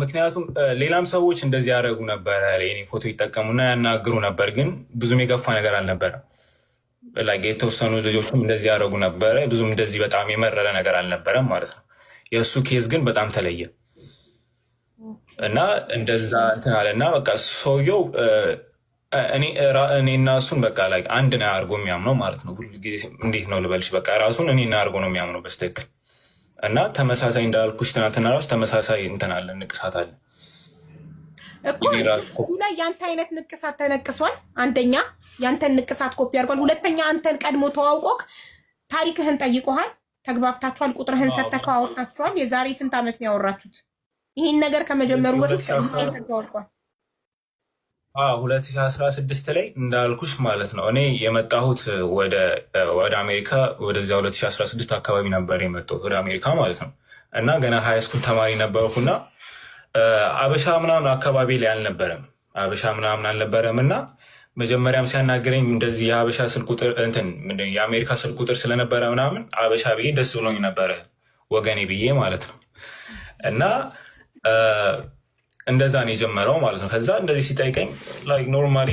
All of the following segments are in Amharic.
ምክንያቱም ሌላም ሰዎች እንደዚህ ያደረጉ ነበረ። የእኔ ፎቶ ይጠቀሙና ያናግሩ ነበር፣ ግን ብዙም የገፋ ነገር አልነበረም። ላ የተወሰኑ ልጆችም እንደዚህ ያደረጉ ነበረ። ብዙም እንደዚህ በጣም የመረረ ነገር አልነበረም ማለት ነው። የእሱ ኬዝ ግን በጣም ተለየ እና እንደዛ እንትን አለ እና በቃ ሰውየው እኔና እሱን በቃ ላይ አንድ ነው አድርጎ የሚያምነው ማለት ነው። ሁልጊዜ እንዴት ነው ልበልሽ፣ በቃ ራሱን እኔና አድርጎ ነው የሚያምነው በስትክክል እና ተመሳሳይ እንዳልኩሽ ትናንትና ራሱ ተመሳሳይ እንትን አለ ንቅሳት አለ እኮ ላይ የአንተ አይነት ንቅሳት ተነቅሷል። አንደኛ የአንተን ንቅሳት ኮፒ አድርጓል። ሁለተኛ አንተን ቀድሞ ተዋውቆክ ታሪክህን ጠይቆሃል። ተግባብታችኋል። ቁጥርህን ሰተከው አወርታችኋል። የዛሬ ስንት ዓመት ነው ያወራችሁት? ይህን ነገር ከመጀመሩ በፊት ተዋውቋል። ሁለት ሺህ አስራ ስድስት ላይ እንዳልኩሽ ማለት ነው። እኔ የመጣሁት ወደ አሜሪካ ወደዚያ ሁለት ሺህ አስራ ስድስት አካባቢ ነበር የመጣሁት ወደ አሜሪካ ማለት ነው። እና ገና ሀይ ስኩል ተማሪ ነበርኩና አበሻ ምናምን አካባቢ ላይ አልነበረም፣ አበሻ ምናምን አልነበረም። እና መጀመሪያም ሲያናገረኝ እንደዚህ የአበሻ ስልክ ቁጥር እንትን የአሜሪካ ስልክ ቁጥር ስለነበረ ምናምን አበሻ ብዬ ደስ ብሎኝ ነበረ፣ ወገኔ ብዬ ማለት ነው እና እንደዛ ነው የጀመረው ማለት ነው። ከዛ እንደዚህ ሲጠይቀኝ ላይክ ኖርማሊ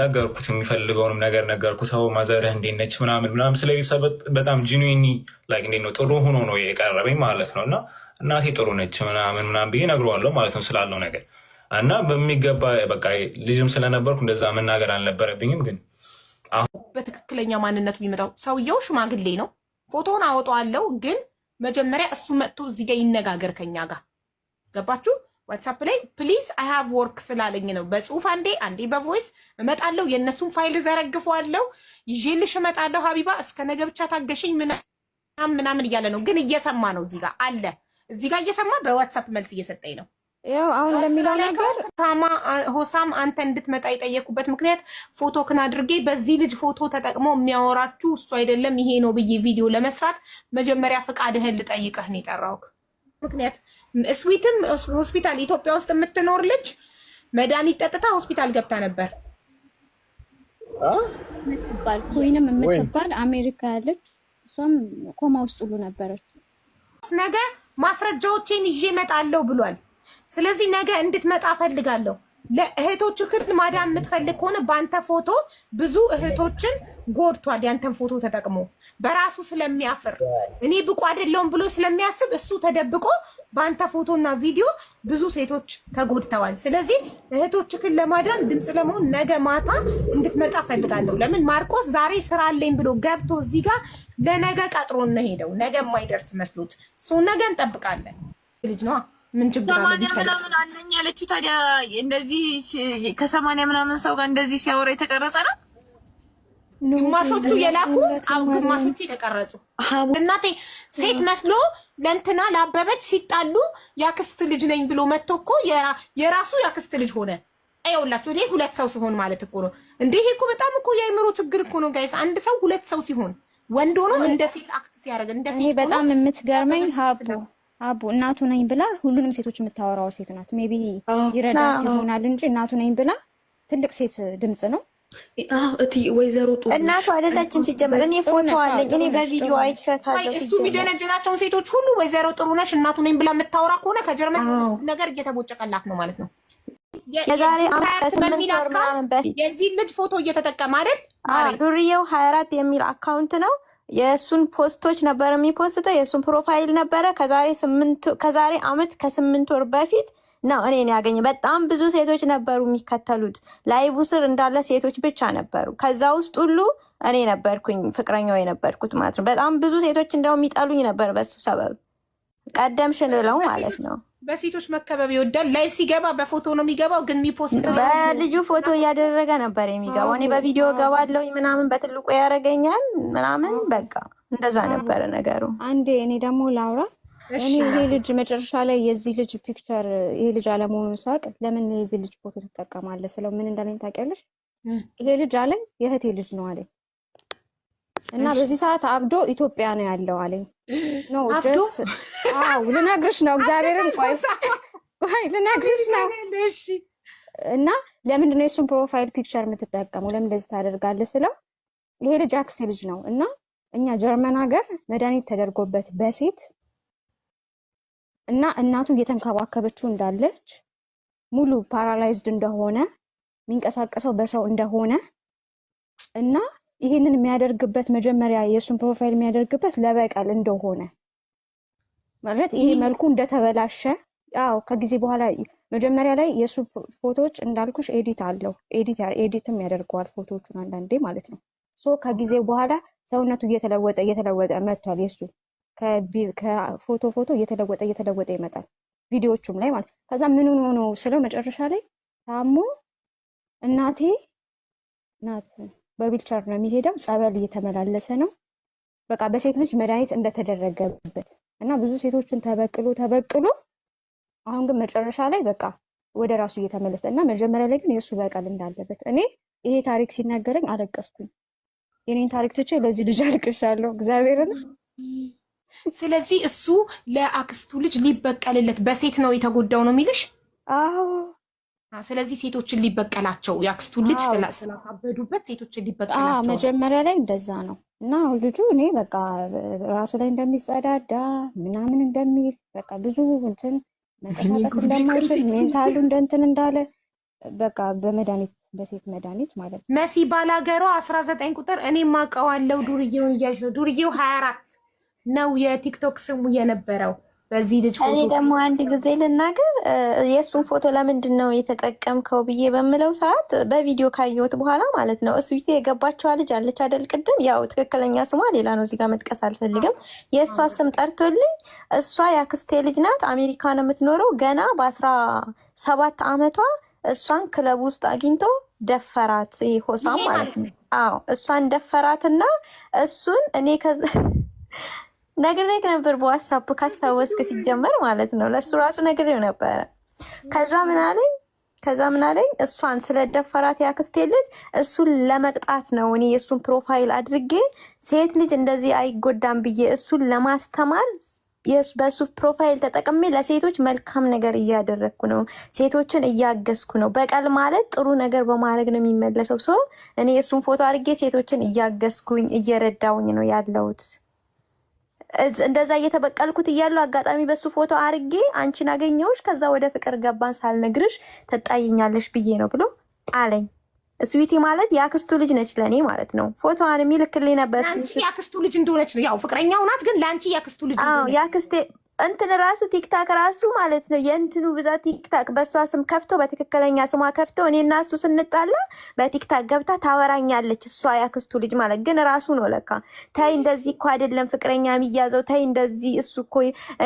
ነገርኩት፣ የሚፈልገውንም ነገር ነገርኩት። ው ማዘርህ እንዴት ነች ምናምን ምናምን ስለ ቤተሰብ በጣም ጂኒኒ ላይክ እንዴት ነው ጥሩ ሆኖ ነው የቀረበኝ ማለት ነው። እና እናቴ ጥሩ ነች ምናምን ምናምን ብዬ ነግረዋለሁ ማለት ነው ስላለው ነገር እና በሚገባ በቃ ልጅም ስለነበርኩ እንደዛ መናገር አልነበረብኝም። ግን አሁን በትክክለኛ ማንነቱ የሚመጣው ሰውየው ሽማግሌ ነው። ፎቶውን አወጣዋለሁ። ግን መጀመሪያ እሱ መጥቶ እዚህ ጋር ይነጋገር ከኛ ጋር ገባችሁ ዋትሳፕ ላይ ፕሊዝ አይ ሃቭ ወርክ ስላለኝ ነው። በጽሁፍ አንዴ አንዴ በቮይስ እመጣለሁ። የእነሱን ፋይል ዘረግፈዋለሁ። ይዤልሽ እመጣለሁ። ሀቢባ እስከ ነገ ብቻ ታገሽኝ ምናምን ምናምን እያለ ነው፣ ግን እየሰማ ነው። እዚህ ጋር አለ፣ እዚህ እየሰማ በዋትሳፕ መልስ እየሰጠኝ ነው። ያው አሁን ለሚለው ነገር ታማ ሆሳም አንተ እንድትመጣ የጠየኩበት ምክንያት ክን አድርጌ በዚህ ልጅ ፎቶ ተጠቅሞ የሚያወራችሁ እሱ አይደለም ይሄ ነው ብዬ ቪዲዮ ለመስራት መጀመሪያ ፍቃድህን ልጠይቅህ ነው የጠራሁት ምክንያት ስዊትም ሆስፒታል ኢትዮጵያ ውስጥ የምትኖር ልጅ መድኃኒት ጠጥታ ሆስፒታል ገብታ ነበር የምትባል ኮይንም የምትባል አሜሪካ ያለች እሷም ኮማ ውስጥ ሁሉ ነበረች። ነገ ማስረጃዎቼን ይዤ እመጣለሁ ብሏል። ስለዚህ ነገ እንድትመጣ እፈልጋለሁ። ለእህቶችህን ማዳን የምትፈልግ ከሆነ በአንተ ፎቶ ብዙ እህቶችን ጎድቷል። ያንተን ፎቶ ተጠቅሞ በራሱ ስለሚያፍር እኔ ብቁ አይደለሁም ብሎ ስለሚያስብ እሱ ተደብቆ በአንተ ፎቶና ቪዲዮ ብዙ ሴቶች ተጎድተዋል። ስለዚህ እህቶችህን ለማዳን ድምፅ ለመሆን ነገ ማታ እንድትመጣ ፈልጋለሁ። ለምን ማርቆስ ዛሬ ስራ አለኝ ብሎ ገብቶ እዚህ ጋር ለነገ ቀጥሮ ነው ሄደው ነገ የማይደርስ መስሎት እሱ ነገ እንጠብቃለን ልጅ ነዋ። ምን ችግር አለ? ሰማንያ ምናምን አለኝ ያለችው ታዲያ እንደዚህ ከሰማንያ ምናምን ሰው ጋር እንደዚህ ሲያወራ የተቀረጸ ነው። ግማሾቹ የላኩ አው ግማሾቹ የተቀረጹ። እናቴ ሴት መስሎ ለእንትና ለአበበች ሲጣሉ ያክስት ልጅ ነኝ ብሎ መጥቶ እኮ የራሱ ያክስት ልጅ ሆነ። ይኸውላችሁ እኔ ሁለት ሰው ሲሆን ማለት እኮ ነው እንዴ! እኮ በጣም እኮ የአእምሮ ችግር እኮ ነው ጋይስ። አንድ ሰው ሁለት ሰው ሲሆን ወንድ ሆኖ እንደ ሴት አክት ሲያደርግ እንደ ሴት በጣም የምትገርመኝ ሀቡ አቡ እናቱ ነኝ ብላ ሁሉንም ሴቶች የምታወራው ሴት ናት። ሜቢ ይረዳት ይሆናል እንጂ እናቱ ነኝ ብላ ትልቅ ሴት ድምፅ ነው። እቲ ወይዘሮ ጡ እናቱ አይደለችም። ሲጀመር እኔ ፎቶ አለኝ፣ እኔ በቪዲዮ አይቻታለሁ። እሱ የሚደነጀናቸውን ሴቶች ሁሉ ወይዘሮ ጥሩ ነሽ እናቱ ነኝ ብላ የምታወራ ከሆነ ከጀርመን ነገር እየተቦጨቀላት ነው ማለት ነው። የዛሬ በሚል የዚህ ልጅ ፎቶ እየተጠቀመ አይደል ዱርዬው ሀያ አራት የሚል አካውንት ነው የእሱን ፖስቶች ነበር የሚፖስተው የእሱን ፕሮፋይል ነበረ። ከዛሬ አመት ከስምንት ወር በፊት ነው እኔን ያገኘ። በጣም ብዙ ሴቶች ነበሩ የሚከተሉት። ላይቭ ስር እንዳለ ሴቶች ብቻ ነበሩ። ከዛ ውስጥ ሁሉ እኔ ነበርኩኝ ፍቅረኛው የነበርኩት ማለት ነው። በጣም ብዙ ሴቶች እንደውም የሚጠሉኝ ነበር በሱ ሰበብ። ቀደም ሽንለው ማለት ነው። በሴቶች መከበብ ይወዳል። ላይፍ ሲገባ በፎቶ ነው የሚገባው፣ ግን የሚፖስት በልጁ ፎቶ እያደረገ ነበር የሚገባው። እኔ በቪዲዮ ገባለው ምናምን በትልቁ ያደረገኛል ምናምን፣ በቃ እንደዛ ነበረ ነገሩ። አንዴ እኔ ደግሞ ላውራ። እኔ ይሄ ልጅ መጨረሻ ላይ የዚህ ልጅ ፒክቸር ይሄ ልጅ አለመሆኑ ሳቅ፣ ለምን የዚህ ልጅ ፎቶ ትጠቀማለህ ስለው ምን እንደሚኝ ታውቂያለሽ? ይሄ ልጅ አለኝ የእህቴ ልጅ ነው አለኝ እና በዚህ ሰዓት አብዶ ኢትዮጵያ ነው ያለው አለኝ። ነው ልነግርሽ ነው እግዚአብሔርን ቆይ ልነግርሽ ነው። እና ለምንድን ነው ፕሮፋይል ፒክቸር የምትጠቀመው ለምን እንደዚህ ታደርጋለህ ስለው ይሄ ልጅ አክሴ ልጅ ነው እና እኛ ጀርመን ሀገር መድኃኒት ተደርጎበት በሴት እና እናቱ እየተንከባከበችው እንዳለች ሙሉ ፓራላይዝድ እንደሆነ የሚንቀሳቀሰው በሰው እንደሆነ እና ይህንን የሚያደርግበት መጀመሪያ የእሱን ፕሮፋይል የሚያደርግበት ለበቀል እንደሆነ ማለት ይሄ መልኩ እንደተበላሸ አዎ፣ ከጊዜ በኋላ መጀመሪያ ላይ የእሱ ፎቶዎች እንዳልኩሽ ኤዲት አለው። ኤዲትም ያደርገዋል ፎቶዎቹን አንዳንዴ ማለት ነው። ሶ ከጊዜ በኋላ ሰውነቱ እየተለወጠ እየተለወጠ መጥቷል። የእሱ ከፎቶ ፎቶ እየተለወጠ እየተለወጠ ይመጣል፣ ቪዲዮቹም ላይ ማለት ከዛ ምን ሆኖ ስለው መጨረሻ ላይ ታሞ እናቴ ናት በዊልቸር ነው የሚሄደው። ጸበል እየተመላለሰ ነው። በቃ በሴት ልጅ መድኃኒት እንደተደረገበት እና ብዙ ሴቶችን ተበቅሎ ተበቅሎ አሁን ግን መጨረሻ ላይ በቃ ወደ ራሱ እየተመለሰ እና መጀመሪያ ላይ ግን የእሱ በቀል እንዳለበት እኔ ይሄ ታሪክ ሲናገረኝ አለቀስኩኝ። የኔን ታሪክ ትቼ ለዚህ ልጅ አልቅሻለሁ። እግዚአብሔርን ስለዚህ እሱ ለአክስቱ ልጅ ሊበቀልለት በሴት ነው የተጎዳው ነው የሚልሽ? አዎ ስለዚህ ሴቶችን ሊበቀላቸው የአክስቱ ልጅ ስላሳበዱበት ሴቶችን ሊበቀላቸው መጀመሪያ ላይ እንደዛ ነው እና ልጁ እኔ በቃ ራሱ ላይ እንደሚጸዳዳ ምናምን እንደሚል በቃ ብዙ እንትን መንቀሳቀስ እንደማይችል ሜንታሉ እንደንትን እንዳለ በቃ በመድኃኒት በሴት መድኃኒት ማለት ነው። መሲ ባላገሯ አስራ ዘጠኝ ቁጥር እኔ ማቀዋለው ዱርዬውን እያልሽ ነው። ዱርዬው ሀያ አራት ነው የቲክቶክ ስሙ የነበረው በዚህ ልጅ እኔ ደግሞ አንድ ጊዜ ልናገር፣ የእሱን ፎቶ ለምንድን ነው የተጠቀምከው ብዬ በምለው ሰዓት በቪዲዮ ካየሁት በኋላ ማለት ነው። እሱ የገባቸዋ ልጅ አለች አደል? ቅድም ያው ትክክለኛ ስሟ ሌላ ነው፣ እዚጋ መጥቀስ አልፈልግም። የእሷ ስም ጠርቶልኝ፣ እሷ የአክስቴ ልጅ ናት፣ አሜሪካ ነው የምትኖረው። ገና በአስራ ሰባት አመቷ እሷን ክለብ ውስጥ አግኝቶ ደፈራት። ይሄ ሆሳም ማለት ነው። አዎ እሷን ደፈራትና እሱን እኔ ከዛ ነግሬህ ነበር በዋትሳፕ ካስታወስክ፣ ሲጀመር ማለት ነው። ለእሱ ራሱ ነግሬው ነበረ። ከዛ ምን አለኝ? ከዛ ምን አለኝ? እሷን ስለደፈራት ያክስቴ ልጅ እሱን ለመቅጣት ነው እኔ የእሱን ፕሮፋይል አድርጌ ሴት ልጅ እንደዚህ አይጎዳም ብዬ እሱን ለማስተማር በሱ ፕሮፋይል ተጠቅሜ ለሴቶች መልካም ነገር እያደረግኩ ነው፣ ሴቶችን እያገዝኩ ነው። በቀል ማለት ጥሩ ነገር በማድረግ ነው የሚመለሰው ሰው። እኔ የእሱን ፎቶ አድርጌ ሴቶችን እያገዝኩኝ እየረዳውኝ ነው ያለሁት። እንደዛ እየተበቀልኩት እያለሁ አጋጣሚ በሱ ፎቶ አርጌ አንቺን አገኘሁሽ፣ ከዛ ወደ ፍቅር ገባን፣ ሳልነግርሽ ተጣይኛለሽ ብዬ ነው ብሎ አለኝ። ስዊቲ ማለት የአክስቱ ልጅ ነች ለእኔ ማለት ነው። ፎቶዋን የሚልክልኝ ነበር። ያክስቱ ልጅ እንደሆነች ነው ያው ፍቅረኛው ናት፣ ግን ለአንቺ ያክስቱ ልጅ ያክስቴ እንትን ራሱ ቲክታክ ራሱ ማለት ነው የእንትኑ ብዛት ቲክታክ በእሷ ስም ከፍቶ በትክክለኛ ስሟ ከፍቶ እኔ እና እሱ ስንጣላ በቲክታክ ገብታ ታወራኛለች። እሷ ያክስቱ ልጅ ማለት ግን ራሱ ነው ለካ። ተይ እንደዚህ እኮ አይደለም ፍቅረኛ የሚያዘው ተይ እንደዚህ እሱ እኮ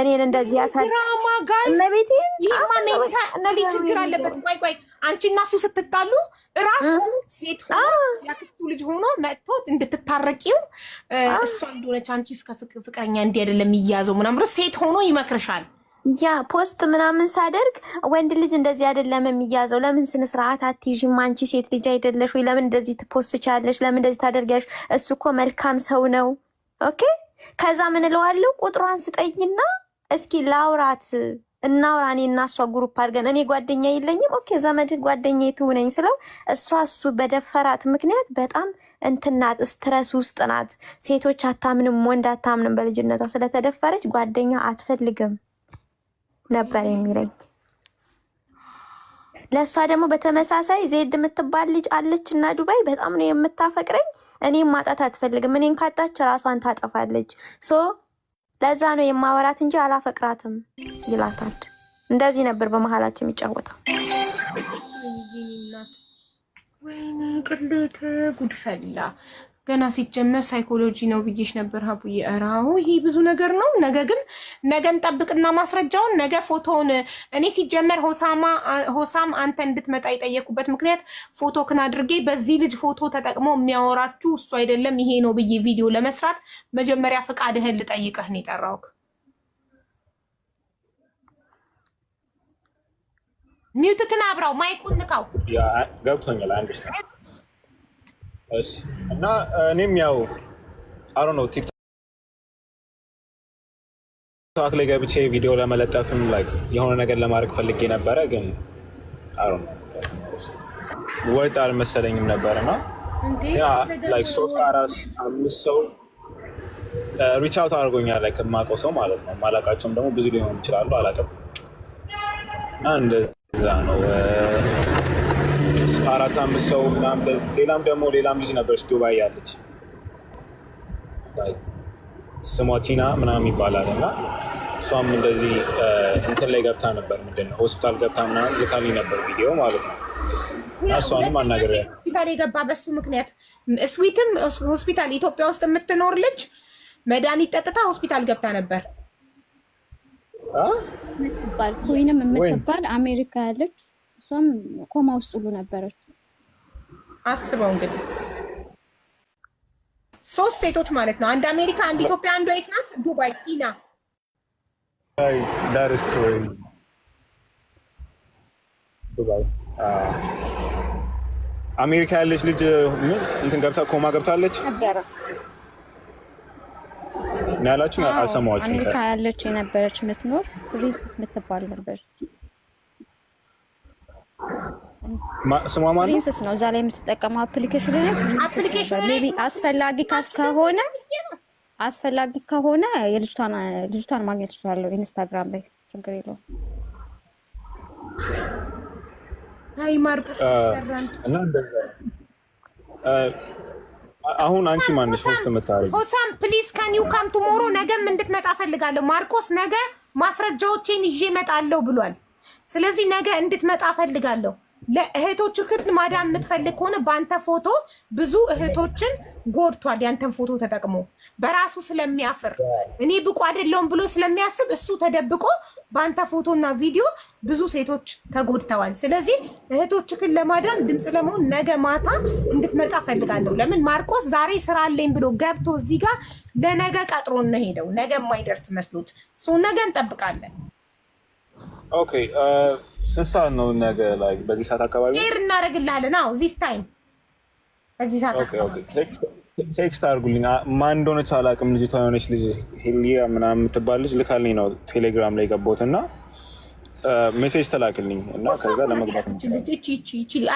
እኔን እንደዚህ ያሳድራማ ጋይስ። እመቤቴ ይህማ ሜንታ ችግር አለበት። ቆይ ቆይ አንቺ እና እሱ ስትጣሉ እራሱ ሴት ሆኖ ያክስቱ ልጅ ሆኖ መጥቶ እንድትታረቂው እሷ እንደሆነች አንቺ ፍቅረኛ እንዲህ አይደለም የሚያዘው ምናምን ሴት ሆኖ ይመክርሻል። ያ ፖስት ምናምን ሳደርግ ወንድ ልጅ እንደዚህ አይደለም የሚያዘው፣ ለምን ስነ ስርዓት አትይዥም? አንቺ ሴት ልጅ አይደለሽ ወይ? ለምን እንደዚህ ትፖስት ቻለሽ? ለምን እንደዚህ ታደርጊያለሽ? እሱ እኮ መልካም ሰው ነው። ኦኬ ከዛ ምን እለዋለሁ? ቁጥሯን ስጠይና እስኪ ላውራት እናውራ እኔ እና እሷ ግሩፕ አድርገን እኔ ጓደኛ የለኝም። ኦኬ ዘመድ ጓደኛ የትውነኝ ስለው እሷ እሱ በደፈራት ምክንያት በጣም እንትናት ስትረስ ውስጥ ናት። ሴቶች አታምንም፣ ወንድ አታምንም። በልጅነቷ ስለተደፈረች ጓደኛ አትፈልግም ነበር የሚለኝ። ለእሷ ደግሞ በተመሳሳይ ዜድ የምትባል ልጅ አለች እና ዱባይ በጣም ነው የምታፈቅረኝ። እኔም ማጣት አትፈልግም። እኔን ካጣች ራሷን ታጠፋለች። ሶ ለዛ ነው የማወራት እንጂ አላፈቅራትም ይላታል። እንደዚህ ነበር በመሀላቸው የሚጫወተው። ወይኔ ቅሌት ጉድፈላ ገና ሲጀመር ሳይኮሎጂ ነው ብዬሽ ነበር ሀቡዬ። ኧረ አዎ ብዙ ነገር ነው። ነገ ግን ነገን ጠብቅና ማስረጃውን ነገ ፎቶውን እኔ ሲጀመር ሆሳም አንተ እንድትመጣ የጠየኩበት ምክንያት ፎቶክን አድርጌ በዚህ ልጅ ፎቶ ተጠቅሞ የሚያወራችሁ እሱ አይደለም ይሄ ነው ብዬ ቪዲዮ ለመስራት መጀመሪያ ፈቃድህን ልጠይቅህ ነው ሚውትክን አብራው ማይኩን ንካው። ገብቶኛል። አንድ እና እኔም ያው አሮ ነው ቲክቶክ ላይ ገብቼ ቪዲዮ ለመለጠፍም የሆነ ነገር ለማድረግ ፈልጌ ነበረ፣ ግን አሮ ነው ወጥ አልመሰለኝም ነበር እና ሶስት አራት አምስት ሰው ሪች አውት አድርጎኛል። የማውቀው ሰው ማለት ነው። ማላውቃቸውም ደግሞ ብዙ ሊሆኑ ይችላሉ። አላውቅም እና እንደዛ ነው። አራት አምስት ሰው ሌላም ደግሞ ሌላም ልጅ ነበረች ዱባይ ያለች ስሟ ቲና ምናምን ይባላል እና እሷም እንደዚህ እንትን ላይ ገብታ ነበር። ምንድን ነው ሆስፒታል ገብታ ምናምን ልካሊ ነበር ቪዲዮ ማለት ነው። እሷንም አናገር ሆስፒታል የገባ በሱ ምክንያት ስዊትም ሆስፒታል ኢትዮጵያ ውስጥ የምትኖር ልጅ መድኃኒት ጠጥታ ሆስፒታል ገብታ ነበር የምትባል ኮይንም የምትባል አሜሪካ ያለች እሷም ኮማ ውስጥ ሁሉ ነበረች። አስበው እንግዲህ ሶስት ሴቶች ማለት ነው። አንድ አሜሪካ፣ አንድ ኢትዮጵያ፣ አንዷ የት ናት? ዱባይ ቲና አሜሪካ ያለች ልጅ እንትን ገብታ ኮማ ገብታለች ያላችሁ አልሰማኋችሁም። አሜሪካ ያለች የነበረች የምትኖር ሪዝ የምትባል ነበረች። ስሟ ፕሪንስስ ነው እዛ ላይ የምትጠቀመው አፕሊኬሽን ላይ ሜይ ቢ አስፈላጊ ከሆነ አስፈላጊ ከሆነ የልጅቷን ልጅቷን ማግኘት እችላለሁ ኢንስታግራም ላይ ችግር የለውም። አሁን አንቺ ማንሽ ውስጥ የምታደርጊው ሆሳም ፕሊዝ ካን ዩ ካም ቱሞሮ ነገም እንድትመጣ ፈልጋለሁ። ማርቆስ ነገ ማስረጃዎቼን ይዤ እመጣለሁ ብሏል። ስለዚህ ነገ እንድትመጣ ፈልጋለሁ። ለእህቶችህን ማዳን የምትፈልግ ከሆነ በአንተ ፎቶ ብዙ እህቶችን ጎድቷል። ያንተን ፎቶ ተጠቅሞ በራሱ ስለሚያፍር እኔ ብቁ አይደለሁም ብሎ ስለሚያስብ እሱ ተደብቆ በአንተ ፎቶና ቪዲዮ ብዙ ሴቶች ተጎድተዋል። ስለዚህ እህቶችህን ለማዳን ድምፅ ለመሆን ነገ ማታ እንድትመጣ ፈልጋለሁ። ለምን ማርቆስ ዛሬ ስራ አለኝ ብሎ ገብቶ እዚህ ጋር ለነገ ቀጥሮ ነው ሄደው ነገ የማይደርስ መስሎት ነገ እንጠብቃለን። ኦኬ ስንት ሰዓት ነው ነገ? ላይ በዚህ ሰዓት አካባቢ ር እናደርግልሃለን። አዎ ዚስ ታይም በዚህ ሰዓት አካባቢ ቴክስት አድርጉልኝ። ማን እንደሆነች አላውቅም። ልጅቷ የሆነች ልጅ ሄልያ ምናምን የምትባል ልጅ ልካልኝ ነው ቴሌግራም ላይ ገባሁት እና ሜሴጅ ተላክልኝ እና ከዛ ለመግባት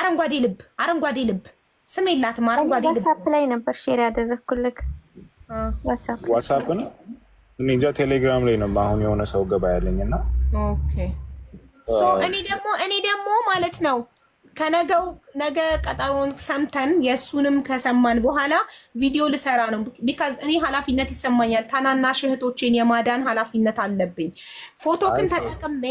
አረንጓዴ ልብ አረንጓዴ ልብ ስም የላትም። አረንጓዴ ልብ ዋትሳፕ ላይ ነበር ሼር ያደረግኩልክ ዋትሳፕ ነው። እንጃ ቴሌግራም ላይ ነው አሁን የሆነ ሰው ገባ ያለኝ እና እኔ ደግሞ እኔ ደግሞ ማለት ነው ከነገው ነገ ቀጠሮን ሰምተን የእሱንም ከሰማን በኋላ ቪዲዮ ልሰራ ነው። ቢካዝ እኔ ኃላፊነት ይሰማኛል። ታናናሽ እህቶቼን የማዳን ኃላፊነት አለብኝ። ፎቶክን ተጠቅሜ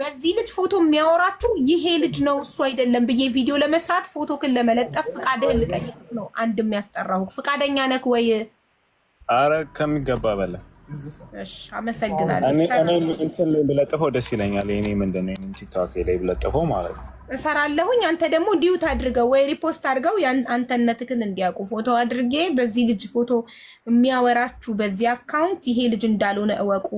በዚህ ልጅ ፎቶ የሚያወራችሁ ይሄ ልጅ ነው እሱ አይደለም ብዬ ቪዲዮ ለመስራት ፎቶክን ለመለጠፍ ፍቃድህን ልጠይቅ ነው አንድ የሚያስጠራሁ። ፍቃደኛ ነክ ወይ? አረ ከሚገባ በላይ አመሰግናለሁ። እንትን ብለጥፈው ደስ ይለኛል። የእኔ ምንድን ነው ቲክቶክ ላይ ብለጥፈው ማለት ነው እሰራለሁኝ። አንተ ደግሞ ዲዩት አድርገው ወይ ሪፖስት አድርገው አንተነትህን እንዲያውቁ ፎቶ አድርጌ በዚህ ልጅ ፎቶ የሚያወራችሁ በዚህ አካውንት ይሄ ልጅ እንዳልሆነ እወቁ